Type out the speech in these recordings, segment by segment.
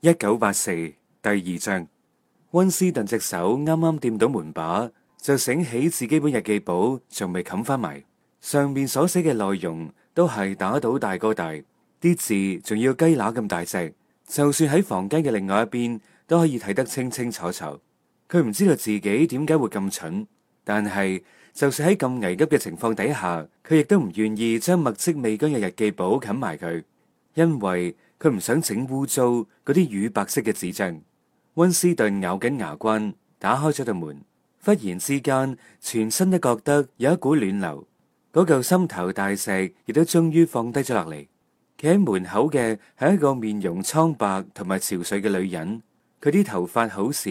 一九八四第二章，溫斯頓隻手啱啱掂到門把，就醒起自己本日記簿仲未冚翻埋，上面所寫嘅內容都係打倒大哥大，啲字仲要雞乸咁大隻，就算喺房間嘅另外一邊都可以睇得清清楚楚。佢唔知道自己點解會咁蠢，但係就算喺咁危急嘅情況底下，佢亦都唔願意將墨迹未乾嘅日記簿冚埋佢，因為，佢唔想整污糟嗰啲乳白色嘅紙張，溫斯頓咬緊牙關打開咗道門，忽然之間全身都覺得有一股暖流，嗰嚿心頭大石亦都終於放低咗落嚟。企喺門口嘅係一個面容蒼白同埋憔悴嘅女人，佢啲頭髮好少，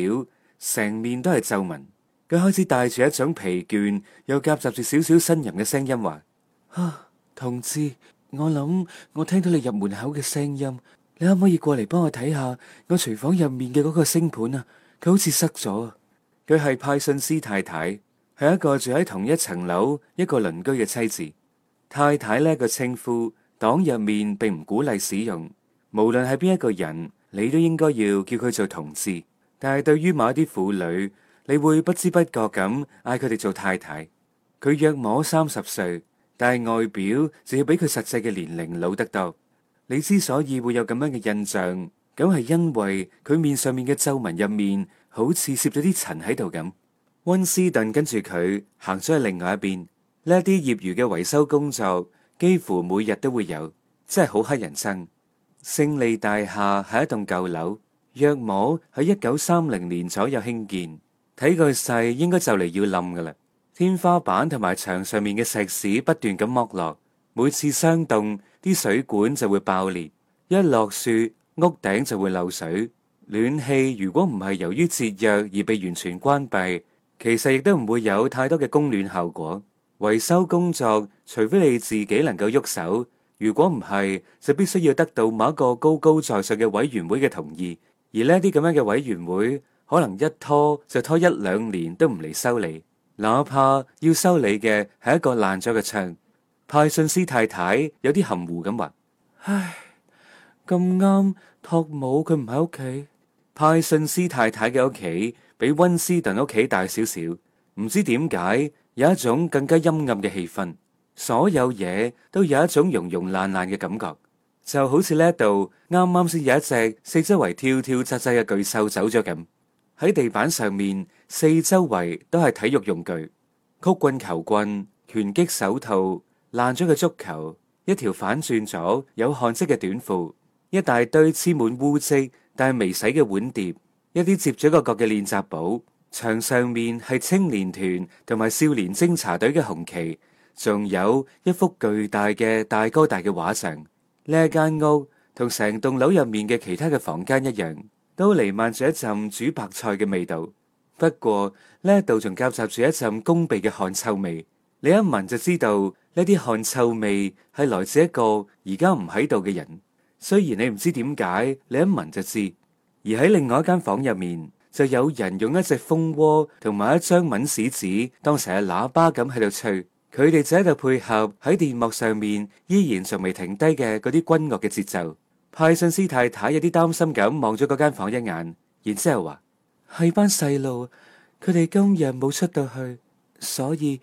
成面都係皺紋。佢開始帶住一種疲倦又夾雜住少少呻吟嘅聲音話：啊，同志。我諗，我聽到你入門口嘅聲音，你可唔可以過嚟幫我睇下我廚房入面嘅嗰個星盤啊？佢好似塞咗啊！佢係派信斯太太，係一個住喺同一層樓一個鄰居嘅妻子。太太呢個稱呼黨入面並唔鼓勵使用，無論係邊一個人，你都應該要叫佢做同志。但係對於某啲婦女，你會不知不覺咁嗌佢哋做太太。佢約摸三十歲。但係外表就要比佢實際嘅年齡老得多。你之所以會有咁樣嘅印象，咁係因為佢面上面嘅皺紋入面好似攝咗啲塵喺度咁。溫斯頓跟住佢行咗去另外一邊，呢一啲業餘嘅維修工作幾乎每日都會有，真係好乞人憎。勝利大廈係一棟舊樓，約摸喺一九三零年左右興建，睇佢細應該就嚟要冧㗎喇。天花板同埋牆上面嘅石屎不斷咁剝落，每次霜凍啲水管就會爆裂，一落雪屋頂就會漏水。暖氣如果唔係由於節約而被完全關閉，其實亦都唔會有太多嘅供暖效果。維修工作除非你自己能夠喐手，如果唔係就必須要得到某一個高高在上嘅委員會嘅同意，而呢啲咁樣嘅委員會可能一拖就拖一兩年都唔嚟修理。哪怕要修理嘅係一個爛咗嘅窗，派信斯太太有啲含糊咁話：唉，咁啱托姆佢唔喺屋企。派信斯太太嘅屋企比溫斯頓屋企大少少，唔知點解有一種更加陰暗嘅氣氛，所有嘢都有一種融融爛爛嘅感覺，就好似呢度啱啱先有一隻四周圍跳跳扎扎嘅巨獸走咗咁。喺地板上面，四周圍都係體育用具，曲棍球棍、拳擊手套、爛咗嘅足球、一條反轉咗有汗漬嘅短褲、一大堆黐滿污漬但係未洗嘅碗碟、一啲接咗個角嘅練習簿。牆上面係青年團同埋少年偵察隊嘅紅旗，仲有一幅巨大嘅大哥大嘅畫像。呢一間屋同成棟樓入面嘅其他嘅房間一樣，都彌漫住一陣煮白菜嘅味道，不過呢度仲夾雜住一陣攻鼻嘅汗臭味。你一聞就知道呢啲汗臭味係來自一個而家唔喺度嘅人。雖然你唔知點解，你一聞就知。而喺另外一間房入面，就有人用一隻蜂窩同埋一張蚊屎紙，當成係喇叭咁喺度吹。佢哋就喺度配合喺電幕上面依然仲未停低嘅嗰啲軍樂嘅節奏。派信斯太太有啲擔心咁望咗嗰間房一眼，然之後話：係班細路，佢哋今日冇出到去，所以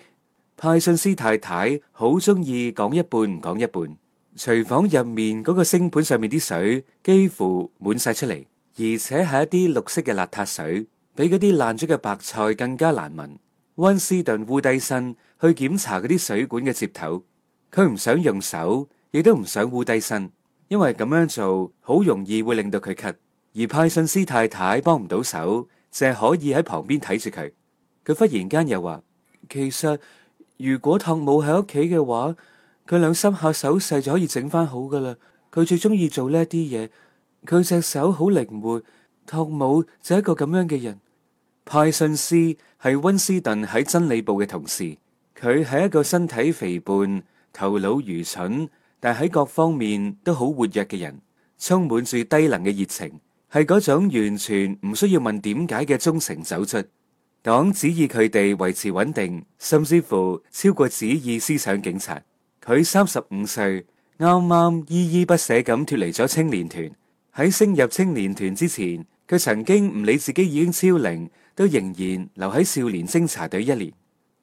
派信斯太太好鍾意講一半唔講，講一半。廚房入面嗰個星盤上面啲水幾乎滿曬出嚟，而且係一啲綠色嘅邋遢水，比嗰啲爛咗嘅白菜更加難聞。溫斯頓污低身去檢查嗰啲水管嘅接頭，佢唔想用手，亦都唔想污低身。因為咁樣做好容易會令到佢咳，而派信斯太太幫唔到手，淨係可以喺旁邊睇住佢。佢忽然間又話，其實如果托姆喺屋企嘅話，佢兩三下手勢就可以整翻好噶啦。佢最中意做呢一啲嘢，佢隻手好靈活。托姆就係一個咁樣嘅人。派信斯係溫斯頓喺真理部嘅同事，佢係一個身體肥胖、頭腦愚蠢，但喺各方面都好活躍嘅人，充滿住低能嘅熱情，係嗰種完全唔需要問點解嘅忠誠走出黨，旨意佢哋維持穩定，甚至乎超過旨意思想警察。佢三十五歲，啱啱依依不捨咁脫離咗青年團。喺升入青年團之前，佢曾經唔理自己已經超齡，都仍然留喺少年偵察隊一年。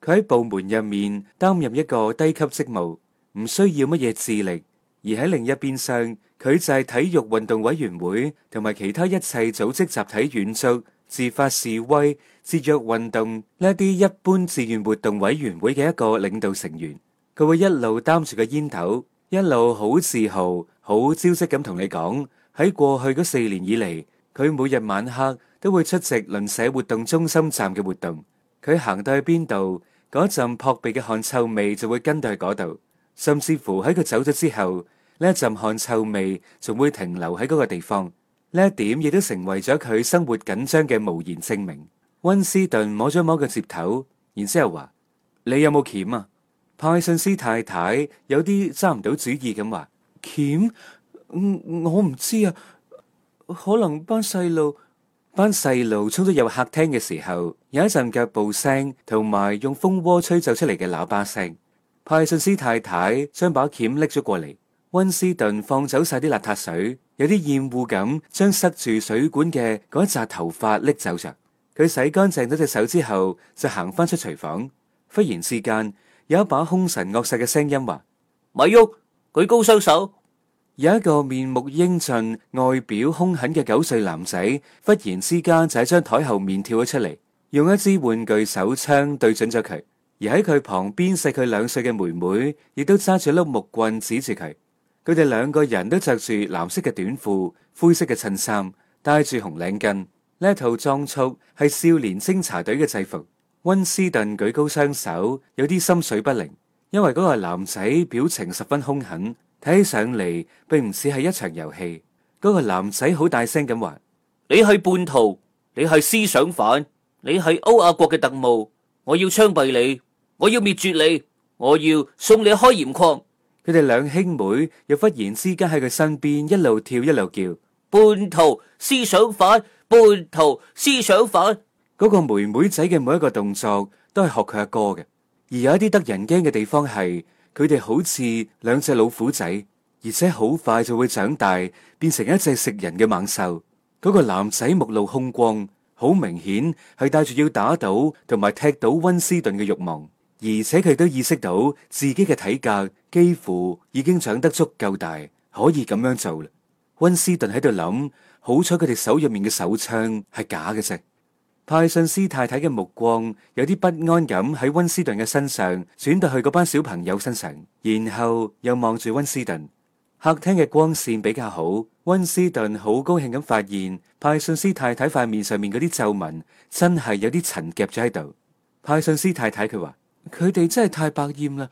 佢喺部門入面擔任一個低級職務。唔需要乜嘢智力，而喺另一邊上，佢就係體育運動委員會同埋其他一切組織集體遠足、自發示威、節約運動呢啲一般志願活動委員會嘅一個領導成員。佢會一路擔住個煙斗，一路好自豪、好招積咁同你講，喺過去嗰四年以嚟，佢每日晚黑都會出席鄰舍活動中心站嘅活動。佢行到去邊度，嗰陣撲鼻嘅汗臭味就會跟到去嗰度。甚至乎喺佢走咗之後，呢一陣汗臭味仲會停留喺嗰個地方。呢一點亦都成為咗佢生活緊張嘅無言證明。温斯頓摸咗摸個接頭，然之後話：你有冇鉗啊？派信斯太太有啲揸唔到主意咁話：鉗？嗯，我唔知啊，可能班細路班細路衝咗入客廳嘅時候，有一陣腳步聲同埋用風鍋吹走出嚟嘅喇叭聲。派遜斯太太將把鉗拎咗過嚟，温斯頓放走晒啲邋遢水，有啲厭惡咁將塞住水管嘅嗰扎頭髮拎走着。佢洗乾淨咗隻手之後，就行翻出廚房。忽然之間，有一把凶神惡煞嘅聲音話：咪喐！舉高雙手！有一個面目英俊、外表凶狠嘅九歲男仔，忽然之間就喺張台後面跳咗出嚟，用一支玩具手槍對準咗佢。而喺佢旁邊細佢兩歲嘅妹妹，亦都揸住一碌木棍指住佢。佢哋兩個人都着住藍色嘅短褲、灰色嘅襯衫，戴住紅領巾。呢套裝束係少年偵察隊嘅制服。溫斯頓舉高雙手，有啲心水不寧，因為嗰個男仔表情十分兇狠，睇起上嚟並唔似係一場遊戲。嗰個男仔好大聲咁話：你係叛徒，你係思想犯，你係歐亞國嘅特務，我要槍斃你！我要滅絕你，我要送你開鹽礦。佢哋兩兄妹又忽然之間喺佢身邊一路跳一路叫，叛徒思想犯，叛徒思想犯。嗰個妹妹仔嘅每一個動作都係學佢阿哥嘅，而有一啲得人驚嘅地方係，佢哋好似兩隻老虎仔，而且好快就會長大，變成一隻食人嘅猛獸。嗰、那個男仔目露凶光，好明顯係帶住要打倒同埋踢倒溫斯頓嘅欲望。而且佢都意識到自己嘅體格幾乎已經長得足夠大，可以咁樣做啦。溫斯頓喺度諗，好彩佢哋手入面嘅手槍係假嘅啫。派信斯太太嘅目光有啲不安咁喺溫斯頓嘅身上轉到去嗰班小朋友身上，然後又望住溫斯頓。客廳嘅光線比較好，溫斯頓好高興咁發現派信斯太太塊面上面嗰啲皺紋真係有啲塵夾咗喺度。派信斯太太佢話。佢哋真係太百厭啦，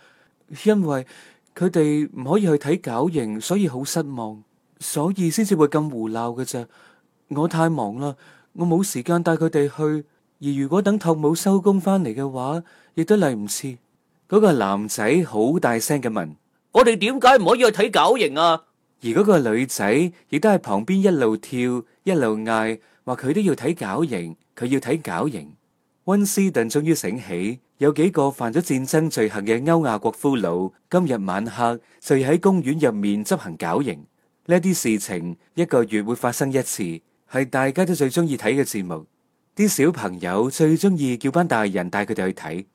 因為佢哋唔可以去睇絞刑，所以好失望，所以先至會咁胡鬧嘅。咋我太忙啦，我冇時間帶佢哋去。而如果等托姆收工翻嚟嘅話，亦都嚟唔切。嗰個男仔好大聲嘅問：我哋點解唔可以去睇絞刑啊？而嗰個女仔亦都喺旁邊一路跳一路嗌，話佢都要睇絞刑，佢要睇絞刑。溫斯頓終於醒起。有幾個犯咗戰爭罪行嘅歐亞國俘虜，今日晚黑就喺公園入面執行絞刑。呢啲事情一個月會發生一次，係大家都最中意睇嘅節目。啲小朋友最中意叫班大人帶佢哋去睇。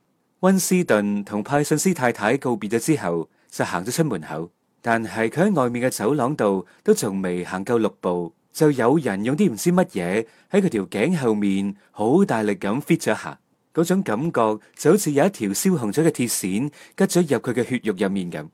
溫斯頓同派信斯太太告別咗之後，就行咗出門口。但係佢喺外面嘅走廊度都仲未行夠六步，就有人用啲唔知乜嘢喺佢條頸後面好大力咁 fit 咗下。嗰種感覺就好似有一條燒紅咗嘅鐵線吉咗入佢嘅血肉入面咁。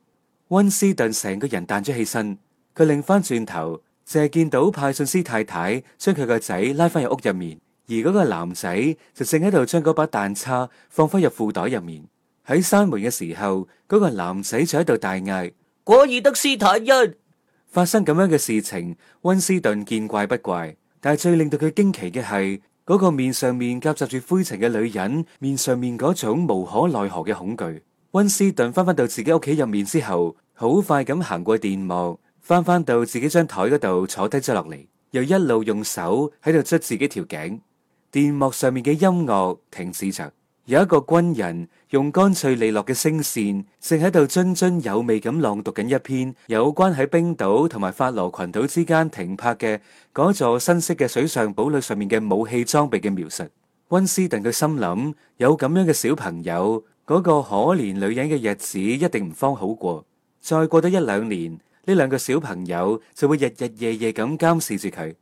溫斯頓成個人彈咗起身，佢擰翻轉頭淨係見到派信斯太太將佢個仔拉翻入屋入面，而嗰個男仔就正喺度將嗰把彈叉放翻入褲袋入面。喺閂門嘅時候，嗰個男仔就喺度大嗌：果爾德斯坦因！發生咁樣嘅事情，溫斯頓見怪不怪，但係最令到佢驚奇嘅係。嗰個面上面夾雜住灰塵嘅女人，面上面嗰種無可奈何嘅恐懼。溫斯頓翻返到自己屋企入面之後，好快咁行過電幕，翻返到自己張台嗰度坐低咗落嚟，又一路用手喺度捽自己條頸。電幕上面嘅音樂停止着。有一個軍人用乾脆利落嘅聲線，正喺度津津有味咁朗讀緊一篇有關喺冰島同埋法羅群島之間停泊嘅嗰座新式嘅水上堡壘上面嘅武器裝備嘅描述。溫斯頓佢心諗，有咁樣嘅小朋友，嗰個可憐女人嘅日子一定唔方好過。再過多一兩年，呢兩個小朋友就會日日夜夜咁監視住佢，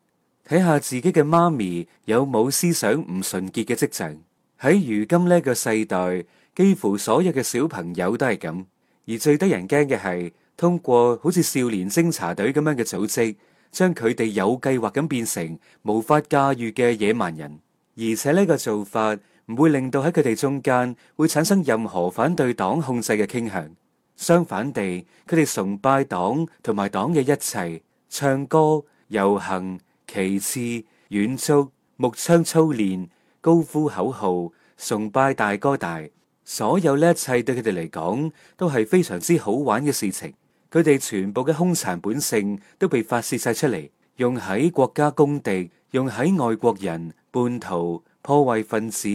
睇下自己嘅媽咪有冇思想唔純潔嘅跡象。喺如今呢個世代，幾乎所有嘅小朋友都係咁。而最得人驚嘅係，通過好似少年偵察隊咁樣嘅組織，將佢哋有計劃咁變成無法駕馭嘅野蠻人。而且呢個做法唔會令到喺佢哋中間會產生任何反對黨控制嘅傾向。相反地，佢哋崇拜黨同埋黨嘅一切，唱歌、遊行、旗幟、遠足、木槍操練。高呼口號，崇拜大哥大，所有呢一切對佢哋嚟講都係非常之好玩嘅事情。佢哋全部嘅凶殘本性都被發泄晒出嚟，用喺國家公敵，用喺外國人叛徒、破壞分子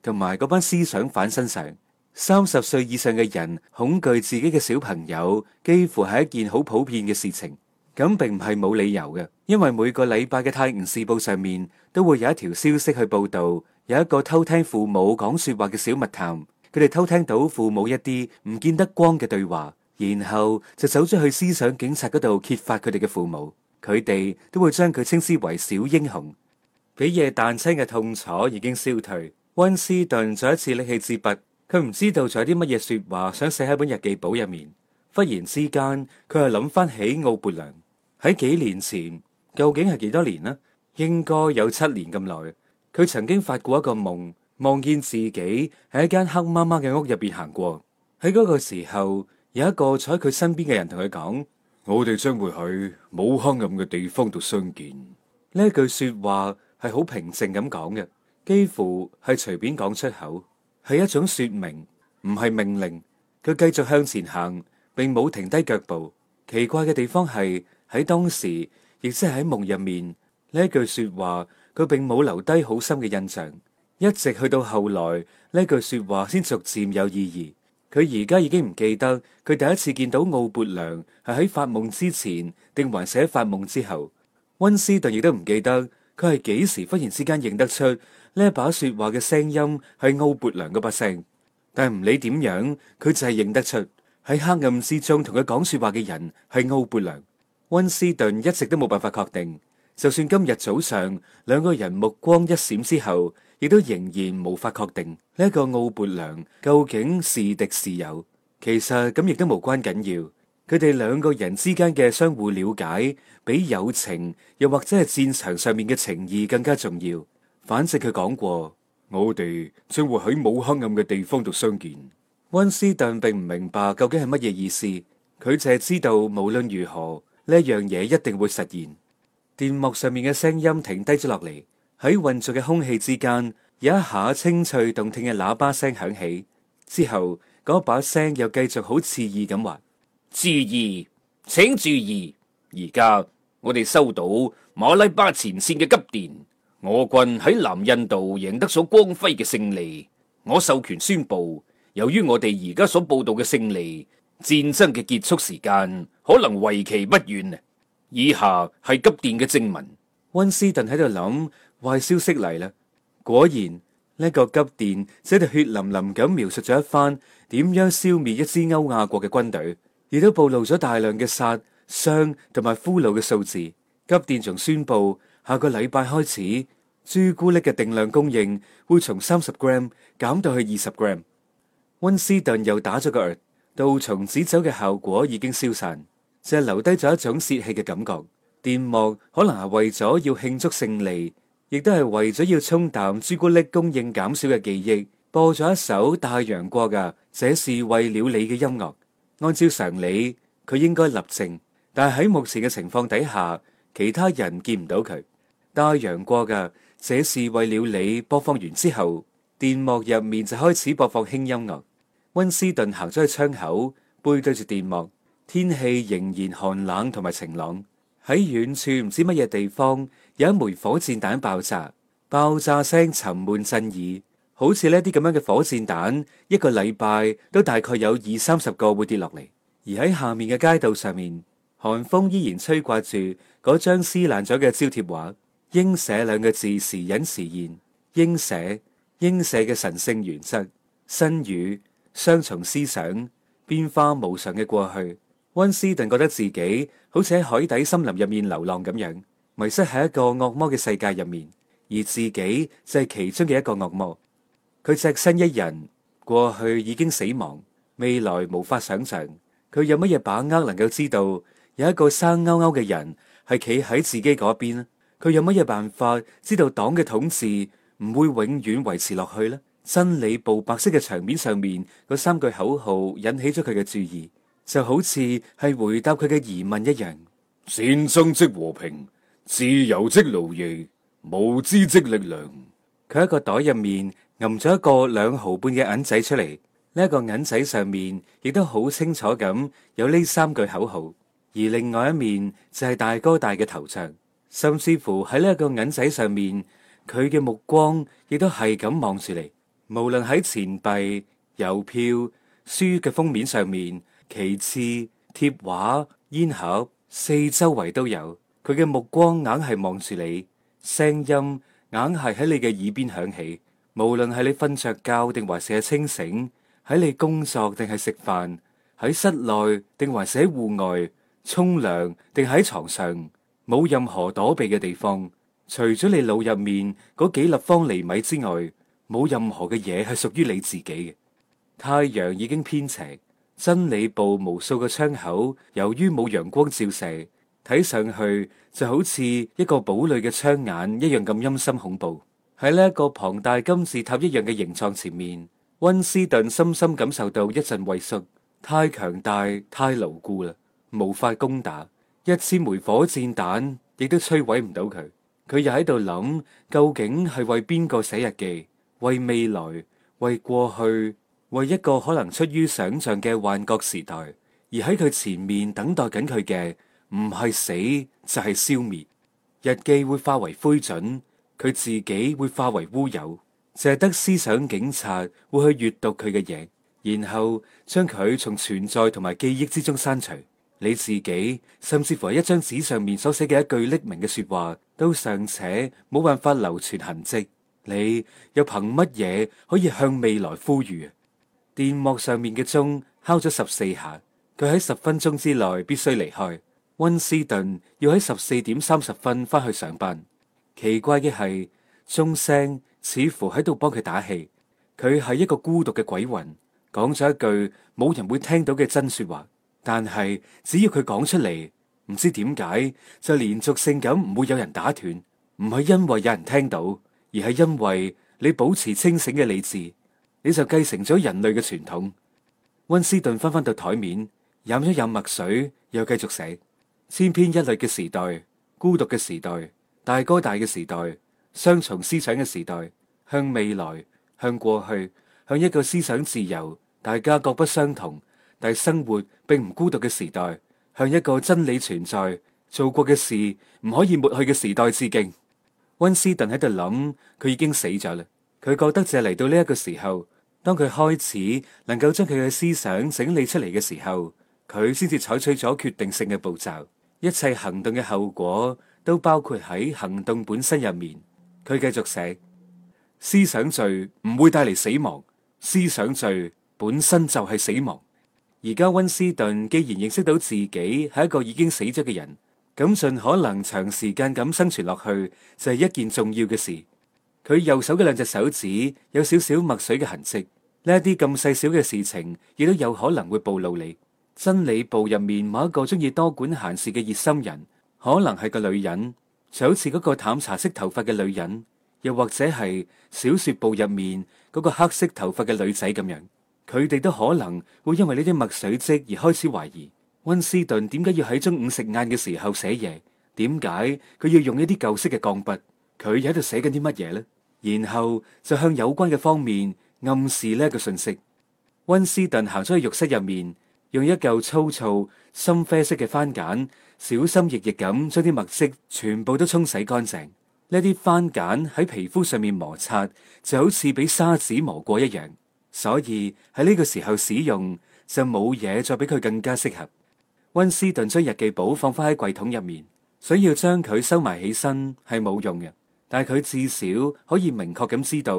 同埋嗰班思想反身上。三十歲以上嘅人恐懼自己嘅小朋友，幾乎係一件好普遍嘅事情。咁並唔係冇理由嘅，因為每個禮拜嘅《泰晤士報》上面都會有一條消息去報道。有一個偷聽父母講說話嘅小密探，佢哋偷聽到父母一啲唔見得光嘅對話，然後就走咗去思想警察嗰度揭發佢哋嘅父母，佢哋都會將佢稱之為小英雄。俾夜彈親嘅痛楚已經消退，溫斯頓再一次搦起支筆，佢唔知道仲有啲乜嘢說話想寫喺本日記簿入面。忽然之間，佢又諗翻起奧勃良。喺幾年前，究竟係幾多年呢？應該有七年咁耐。佢曾經發過一個夢，望見自己喺一間黑麻麻嘅屋入邊行過。喺嗰個時候，有一個坐喺佢身邊嘅人同佢講：我哋將會喺冇黑暗嘅地方度相見。呢句說話係好平靜咁講嘅，幾乎係隨便講出口，係一種說明，唔係命令。佢繼續向前行，並冇停低腳步。奇怪嘅地方係喺當時，亦即係喺夢入面呢句說話。佢並冇留低好深嘅印象，一直去到後來呢句說話先逐漸有意義。佢而家已經唔記得佢第一次見到奧勃良係喺發夢之前定還是喺發夢之後。溫斯頓亦都唔記得佢係幾時忽然之間認得出呢一把說話嘅聲音係奧勃良嘅把聲。但係唔理點樣，佢就係認得出喺黑暗之中同佢講說話嘅人係奧勃良。溫斯頓一直都冇辦法確定。就算今日早上兩個人目光一閃之後，亦都仍然無法確定呢個奧勃良究竟是敵是友。其實咁亦都無關緊要，佢哋兩個人之間嘅相互了解，比友情又或者係戰場上面嘅情誼更加重要。反正佢講過，我哋將會喺冇黑暗嘅地方度相見。溫斯頓並唔明白究竟係乜嘢意思，佢淨係知道無論如何呢樣嘢一定會實現。電幕上面嘅聲音停低咗落嚟，喺混濁嘅空氣之間，有一下清脆動聽嘅喇叭聲響起。之後，嗰把聲又繼續好刺耳咁話：注意，請注意，而家我哋收到馬拉巴前線嘅急電，我軍喺南印度贏得咗光輝嘅勝利。我授權宣布，由於我哋而家所報道嘅勝利，戰爭嘅結束時間可能為期不遠。以下係急電嘅正文。溫斯頓喺度諗，壞消息嚟啦。果然呢個急電寫到血淋淋咁描述咗一番，點樣消滅一支歐亞國嘅軍隊，亦都暴露咗大量嘅殺傷同埋俘虜嘅數字。急電仲宣布下個禮拜開始，朱古力嘅定量供應會從三十 gram 減到去二十 gram。溫斯頓又打咗個嗝，杜松子酒嘅效果已經消散。淨係留低咗一種泄氣嘅感覺。電幕可能係為咗要慶祝勝利，亦都係為咗要沖淡朱古力供應減少嘅記憶，播咗一首大洋過噶，這是為了你嘅音樂。按照常理，佢應該立正，但係喺目前嘅情況底下，其他人見唔到佢。大洋過噶，這是為了你。播放完之後，電幕入面就開始播放輕音樂。溫斯頓行咗去窗口，背對住電幕。天氣仍然寒冷同埋晴朗，喺遠處唔知乜嘢地方有一枚火箭彈爆炸，爆炸聲沉悶震耳，好似呢啲咁樣嘅火箭彈，一個禮拜都大概有二三十個會跌落嚟。而喺下面嘅街道上面，寒風依然吹刮住嗰張撕爛咗嘅招貼畫，英社兩個字：時隱時現。英社，英社嘅神聖原則，新語雙重思想，變化無常嘅過去。溫斯頓覺得自己好似喺海底森林入面流浪咁樣，迷失喺一個惡魔嘅世界入面，而自己就係其中嘅一個惡魔。佢隻身一人，過去已經死亡，未來無法想象。佢有乜嘢把握能夠知道有一個生勾勾嘅人係企喺自己嗰邊呢？佢有乜嘢辦法知道黨嘅統治唔會永遠維持落去呢？真理部白色嘅牆面上面嗰三句口號引起咗佢嘅注意。就好似係回答佢嘅疑問一樣，戰爭即和平，自由即奴役，無知即力量。佢喺個袋入面揞咗一個兩毫半嘅銀仔出嚟，呢一個銀仔上面亦都好清楚咁有呢三句口號，而另外一面就係大哥大嘅頭像，甚至乎喺呢一個銀仔上面，佢嘅目光亦都係咁望住你。無論喺錢幣、郵票、書嘅封面上面。其次，貼畫煙盒四周圍都有，佢嘅目光硬係望住你；聲音硬係喺你嘅耳邊響起。無論係你瞓着覺定，還是係清醒；喺你工作定係食飯；喺室內定還是喺戶外；沖涼定喺床上，冇任何躲避嘅地方。除咗你腦入面嗰幾立方厘米之外，冇任何嘅嘢係屬於你自己嘅。太陽已經偏斜。真理部無數個窗口，由於冇陽光照射，睇上去就好似一個堡壘嘅窗眼一樣咁陰森恐怖。喺呢一個龐大金字塔一樣嘅形狀前面，溫斯頓深深感受到一陣畏縮。太強大，太牢固啦，無法攻打。一千枚火箭彈亦都摧毀唔到佢。佢又喺度諗，究竟係為邊個寫日記？為未來？為過去？為一個可能出於想象嘅幻覺時代，而喺佢前面等待緊佢嘅唔係死就係消滅。日記會化為灰燼，佢自己會化為烏有，淨係得思想警察會去閱讀佢嘅嘢，然後將佢從存在同埋記憶之中刪除。你自己甚至乎係一張紙上面所寫嘅一句匿名嘅說話，都尚且冇辦法留存痕跡。你又憑乜嘢可以向未來呼籲？電幕上面嘅鐘敲咗十四下，佢喺十分鐘之內必須離開。溫斯頓要喺十四點三十分翻去上班。奇怪嘅係，鐘聲似乎喺度幫佢打氣。佢係一個孤獨嘅鬼魂，講咗一句冇人會聽到嘅真說話。但係只要佢講出嚟，唔知點解，就連續性咁唔會有人打斷，唔係因為有人聽到，而係因為你保持清醒嘅理智。你就繼承咗人類嘅傳統。温斯頓翻返到台面，飲咗飲墨水，又繼續寫。千篇一律嘅時代，孤獨嘅時代，大哥大嘅時代，雙重思想嘅時代，向未來，向過去，向一個思想自由、大家各不相同，但生活並唔孤獨嘅時代，向一個真理存在、做過嘅事唔可以抹去嘅時代致敬。温斯頓喺度諗，佢已經死咗啦。佢覺得就係嚟到呢一個時候。當佢開始能夠將佢嘅思想整理出嚟嘅時候，佢先至採取咗決定性嘅步驟。一切行動嘅後果都包括喺行動本身入面。佢繼續寫：思想罪唔會帶嚟死亡，思想罪本身就係死亡。而家溫斯頓既然認識到自己係一個已經死咗嘅人，咁盡可能長時間咁生存落去，就係一件重要嘅事。佢右手嘅兩隻手指有少少墨水嘅痕迹，呢一啲咁細小嘅事情亦都有可能會暴露你。真理部入面某一個中意多管閒事嘅熱心人，可能係個女人，就好似嗰個淡茶色頭髮嘅女人，又或者係小說部入面嗰個黑色頭髮嘅女仔咁樣，佢哋都可能會因為呢啲墨水迹而開始懷疑溫斯頓點解要喺中午食晏嘅時候寫嘢，點解佢要用一啲舊式嘅鋼筆，佢喺度寫緊啲乜嘢呢？然後就向有關嘅方面暗示呢個信息。溫斯頓行咗去浴室入面，用一嚿粗糙深啡色嘅番鹼，小心翼翼咁將啲墨跡全部都沖洗乾淨。呢啲番鹼喺皮膚上面摩擦，就好似俾砂紙磨過一樣，所以喺呢個時候使用就冇嘢再俾佢更加適合。溫斯頓將日記簿放翻喺櫃桶入面，想要將佢收埋起身係冇用嘅。但係佢至少可以明確咁知道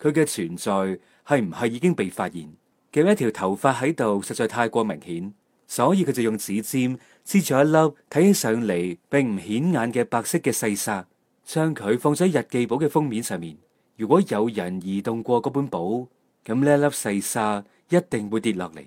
佢嘅存在係唔係已經被發現，咁一條頭髮喺度實在太過明顯，所以佢就用指尖黐住一粒睇起上嚟並唔顯眼嘅白色嘅細沙，將佢放咗喺日記簿嘅封面上面。如果有人移動過嗰本簿，咁呢一粒細沙一定會跌落嚟。